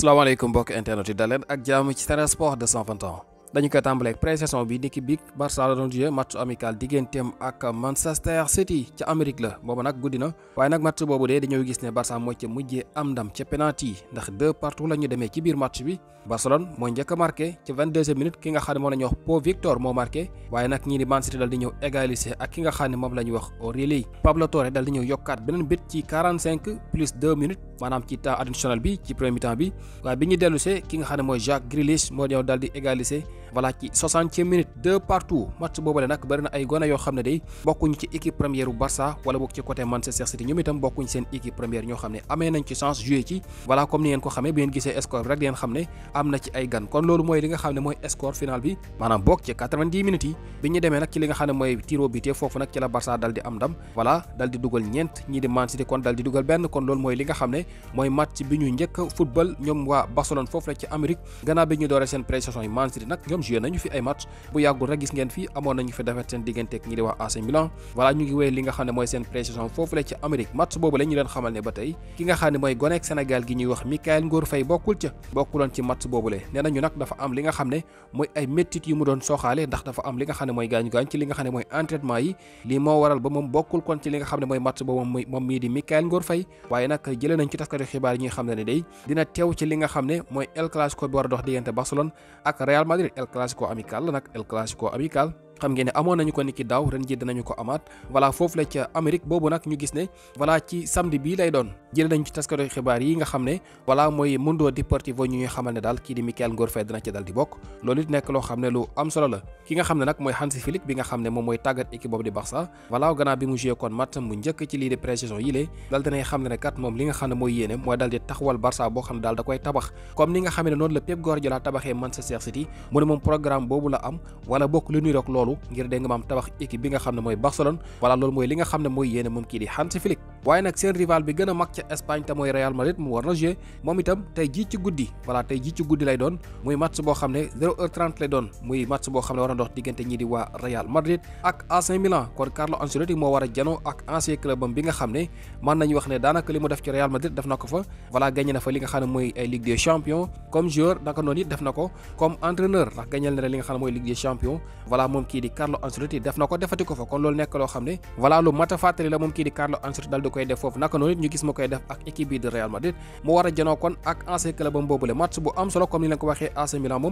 salaamaaleykum mbokk internet yi daleen ak jaamu ci Sen Sports 221 dañu koy tàmbaleeg pré-saison bi niki big Barça la doon match amical digentem ak Manchester City ci Amérique la bobu nak goudina na nak match bobu dé dañu gis né Barça mo ci mujjé am ndam ci penalty ndax deux partout lañu démé ci biir match bi Barcelone mo ñëk marqué ci 22e minute ki nga xamné mo lañu wax Po Victor mo marqué waaye nak ñi ni Man City dal di ñëw égaliser ak ki nga xamné mom lañu wax Aurélie Pablo Torre dal di ñëw yokkat benen bit ci 45 plus 2 minutes manam ci temps additionnel bi ci premier temps bi waaye biñu ñu dellusee ki nga xamné mo Jacques Grealish mo ñëw dal di égaliser voilà ci 60e minute de partout match bobale nak bari na ay gona yo xamne day bokkuñ ci équipe première du Barça wala bok ci côté Manchester City ñom itam bokkuñ seen équipe première ño xamne amé nañ ci chance jouer ci voilà comme ni ngeen ko xamé bu ngeen gisee score rek di ngeen xam amna ci ay gan kon lolu moy li nga moy score final bi manam bok ci 90 minutes yi bi ñu demee ci li nga moy tiro bi te nak nag ci la Barça dal di am ndam voilà dal di dugal ñeent ñii di Man City kon dal di dugal kon lolu moy li nga moy match bi ñu football ñom wa Barcelone fofu la ci Amérique gëna bi ñu seen prestation yi Man City nak itam nañu fi ay match bu yàggul rek gis ngeen fi amoon nañu fi defet seen diggante ñi di wax AC Milan voilà ñu ngi wéy li nga xam ne mooy seen pré foofu la ci Amérique match boobu la ñu leen xamal ne ba tey ki nga xam ne mooy goneek Sénégal gi ñuy wax Mikayil Ngor Faye bokkul ca bokkuloon ci match boobu la nee nañu nag dafa am li nga xam ne mooy ay méttit yu mu doon soxaale ndax dafa am li nga xam ne mooy gaañu-gaañ ci li nga xam classico amical la nag el ko amical xam ngeen ne amoon nañu ko niki daaw ren ji dinañu ko amaat voilà foofu la ca Amérique boobu nag ñu gis ne voilà ci samedi bii lay doon jël nañ ci taskatu xibaar yi nga xam ne voilà mooy Mundo Deportivo ñu ñuy xamal ne daal kii di Michael Ngor Faye dina ci dal di bokk loolu nekk loo xam ne lu am solo la ki nga xam ne nag mooy Hansi Flick xam ne moom mooy tàggat équipe boobu di Barça voilà gannaaw bi mu joué kon match mu njëkk ci lii di pré-saison yile dal dinay xam ne ne kat moom li nga xam ne mooy yéene mooy dal di taxawal Barça boo xam ne daal da koy tabax comme ni nga xam ne noonu la Pep Guardiola tabaxee Manchester City mu ne moom programme boobu la am wala bokk lu ñuy rek loolu ngir dégg nga maam tabax équipe bi nga xam ne mooy Barcelone voilà loolu mooy li nga xam ne mooy yéene moom kii waaye nag seen rival bi gën a mag ca Espagne te Real Madrid moom itam tey jii guddi voilà tey jii lay doon muy match boo xam ne 0 heure 30 lay doon muy match boo xam ne war na diggante ñii di waa Real Madrid ak AC Milan kon Carlo Ancelotti moo war a janoo ak ancien club am bi nga xam ne mën nañu wax ne daanaka li mu def ci Real Madrid def na ko fa voilà gagné na fa li nga xam ne mooy Ligue des champions comme joueur naka noonu it def na ko comme entraîneur a du koy def foofu naka noonu it ñu gis mu koy def ak équipe bi de Real Madrid mu war a janoo kon ak ancien club am boobule match bu am solo comme ni leen ko waxee AC Milan bi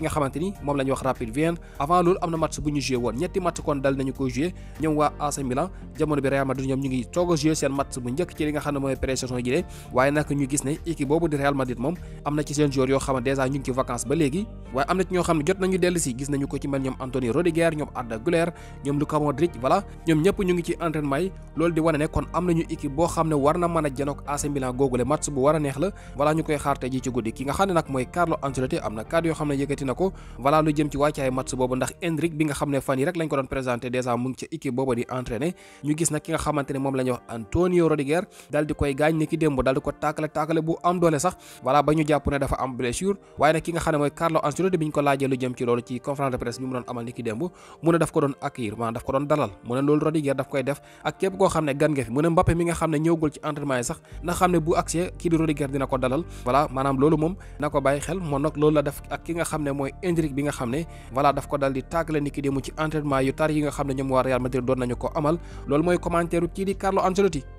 nga xamante moom la wax Rapid Vienne avant loolu am na match bu ñu woon ñetti match kon dal nañu ko joué ñoom waa AC Milan jamono bi Real Madrid ñoom ñu ngi toog a seen match bu njëkk ci li nga xam ne mooy pré ji lee waaye nag ñu gis ne équipe boobu di Real Madrid moom am na ci seen yoo xam ne dèjà ñu ngi ci vacance ba léegi waaye am na ci ñoo xam ne jot nañu dellu si gis na ki nga xam moom la Antonio Rudiger dal di koy gaañ ni ki démb dal di ko tàkkale obstacle bu am doole sax voilà ba ñu jàpp ne dafa am blessure waaye nag ki nga xam ne mooy Carlo Ancelotti bi ñu ko laajee lu jëm ci loolu ci conférence de presse bi mu doon amal ni ki démb mu ne daf ko doon accueillir maanaam loolu moom na ko bàyyi xel moom nag loolu la def ak ki nga xam ne mooy Endrick bi nga xam ne voilà daf ko dal di tàggale ni ki démb ci entraînement yu tar yi nga xam ne ñoom waa Real Madrid doon nañu ko amal loolu mooy commentaire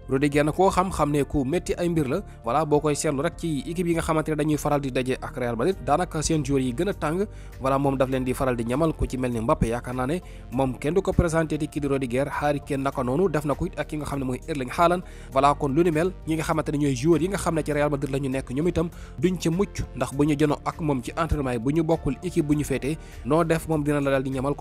Rudiger na koo xam xam ne ku métti ay mbir la voilà boo koy seetlu rek ci équipe yi nga xamante dañuy faral di daje ak Real Madrid daanaka seen joueurs yi gën tàng voilà moom daf leen di faral di ñamal ko présenté ti kii di Rudiger ko it ak ki nga xam ne mooy Erling Haaland voilà kon lu ni mel ñi nga xamante ne ñooy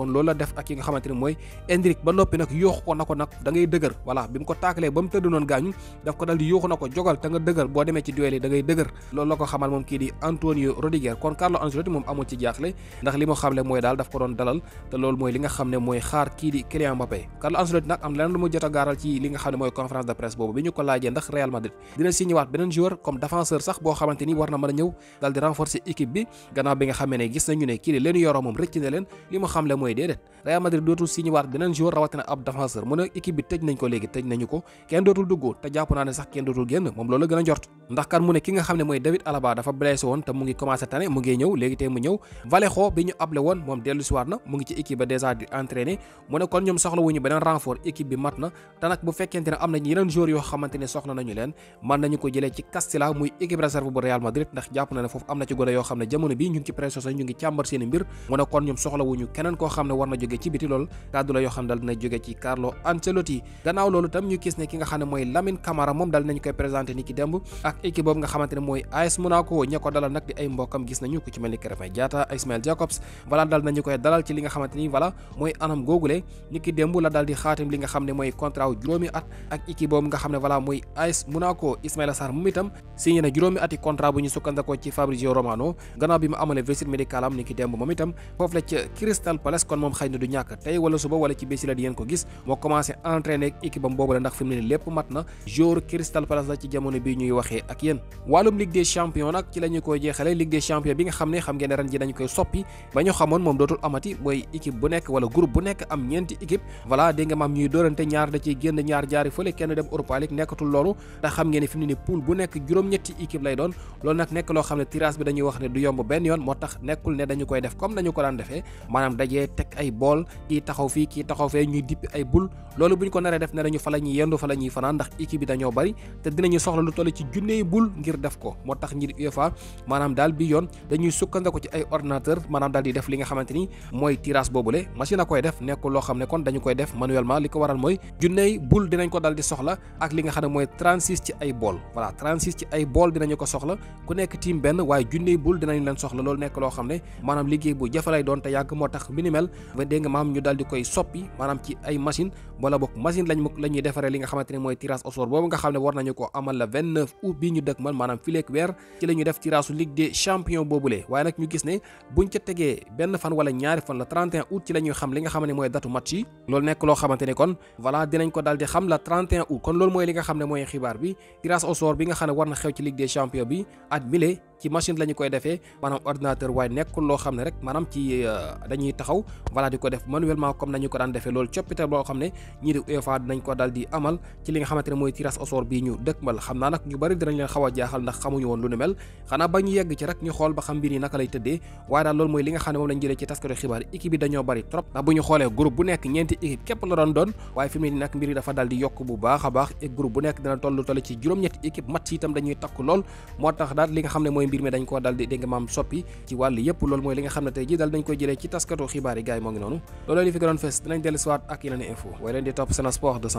loolu la def ak ki nga xamante mooy Endrick ba noppi nag yooxu ko na ko nag dëgër voilà bi mu ko taakalee ba mu mënoon gaañu daf ko dal di yuuxu na ko jogal te nga dëgër boo demee ci duel yi dëgër loolu la ko xamal moom kii di Antonio Rudiger kon Carlo Ancelotti moom amul ci jaaxle ndax li mu xamle mooy dal di renforcer équipe bi gannaaw bi nga xamee ne gis nañu ne kii di leen yoroo moom rëcc na leen li mu xamle mooy déedéet Real Madrid dootul signé beneen joueur rawatina ab défenseur mu ne bi tëj nañu ko kenn dootul dootul te jàpp naa ne sax kenn dootul génn moom loolu gën a njort ndax kan mu ne ki nga xam ne mooy David Alaba dafa blessé woon te mu ngi commencé tane mu ngi ñëw léegi bi ñu able mu ne kon ñoom soxla wuñu ñu keneen koo xam ne war na jóge ci biti lool kàddu yoo xam dal dina jóge ci Carlo Ancelotti gannaaw loolu tam ñu gis ne ki nga xam ne moy Lamine Camara mom dal nañ koy présenter niki demb ak équipe bob nga xamantene moy AS Monaco ñako dalal nak di ay mbokam gis nañu ku ci melni Ismail Jacobs wala dal nañu koy dalal ci li nga xamanteni wala moy anam gogulé niki demb la dal di xatim li nga ne moy contrat juroomi at ak équipe bob nga ne wala moy AS Monaco Ismail Sarr mom itam signé na juroomi ati contrat bu ñu sukkandako ci Fabrizio Romano gannaaw bi mu amalé visite médical am niki demb mom itam fofu la ci Crystal Palace kon mom xeyna du ñak tay wala suba wala ci besi la di yeen ko gis mo commencé entraîner équipe bobu la ndax matna jour Crystal Palace la ci jamono bi ñuy waxe ak yeen walum Ligue des Champions nak ci lañu koy Ligue des Champions bi nga xamné xam ngeen ran ji dañ koy soppi ba ñu xamone mom dotul amati mooy équipe bu nek wala groupe bu nek am ñent équipe voilà dégg nga maam ñuy doorante ñaar da ci genn ñaar jaari fële kenn dem Europa League nekatul lolu da xam ngeen fi ni ne pool bu nek juroom ñetti équipe lay doon loolu nak nek lo xamné tirage bi dañuy wax né du yomb ben yoon motax nekul né ne koy def comme dañu ko daan defee manam dajé tek ay bol ki taxaw fi ki taxaw fe ñuy dippi ay bul lolu buñ ko naré def né dañu fa lañuy yendu fa lañuy ñuy ndax équipe bi dañoo bari te dinañu soxla lu ci bul ngir def ko motax tax ñi UEFA manam dal bi yon dañuy sukkandako ci ay ordinateur manam dal di def li nga xamanteni moy tirage bobule machine akoy def nekkul lo xamne kon dañu koy def manuellement liko waral moy bul dinañ ko dal di soxla ak li nga xamne moy 36 ci ay bol voilà 36 ci ay bol dinañ ko soxla ku nekk team ben way bul dinañ leen soxla lol nekk lo xamne ne liggéey bu jafalay don doon te minimal ba mam maam ñu dal di koy soppi manam ci ay machine wala bok machine lañ lañuy defaree li nga xamanteni moy tirage au sort boobu nga xam ne war nañu ko amal la 29 août bi ñu dëkkmal maanaam fileeg weer ci la ñu def tirage su ligue des champions boobule waaye nag ñu gis ne buñ ca tegee benn fan wala ñaari fan la 31 août ci la xam li nga xam ne mooy datu match yi loolu nekk loo xamante ne kon voilà dinañ ko daal xam la 31 août kon loolu mooy li nga xam ne mooy xibaar bi tirage au bi nga xam ne war na xew ci ligue des champions bi at mile ci machine la koy defee maanaam ordinateur waaye nekkul loo xam ne rek maanaam ci euh, dañuy taxaw voilà di ko def manuellement comme nañu ko daan defee loolu coppite boo xam ne ñii di UEFA dinañ ko daal di amal ci li nga xamante ne mooy tirage au sort bii ñu dëkkmal xam naa nag ñu bari dinañ leen xaw a jaaxal ndax xamuñu woon lu nu mel xanaa ba ñu yegg ci rek ñu xool ba xam mbir yi naka lay tëddee waaye daal loolu mooy li nga xam ne moom lañ jëlee ci taskatu xibaar équipe yi dañoo bari trop ndax bu ñu xoolee groupe a baax et groupe bu nekk mbir mi dañ koo dal di soppi ci wàll yëpp loolu mooy li nga xam ne tey ji dal dañ koy jëlee ci taskatu xibaar yi gaay moo ngi noonu loolu li fi gënoon fees dinañ dellusiwaat ak yeneen info way leen di topp Sen Sports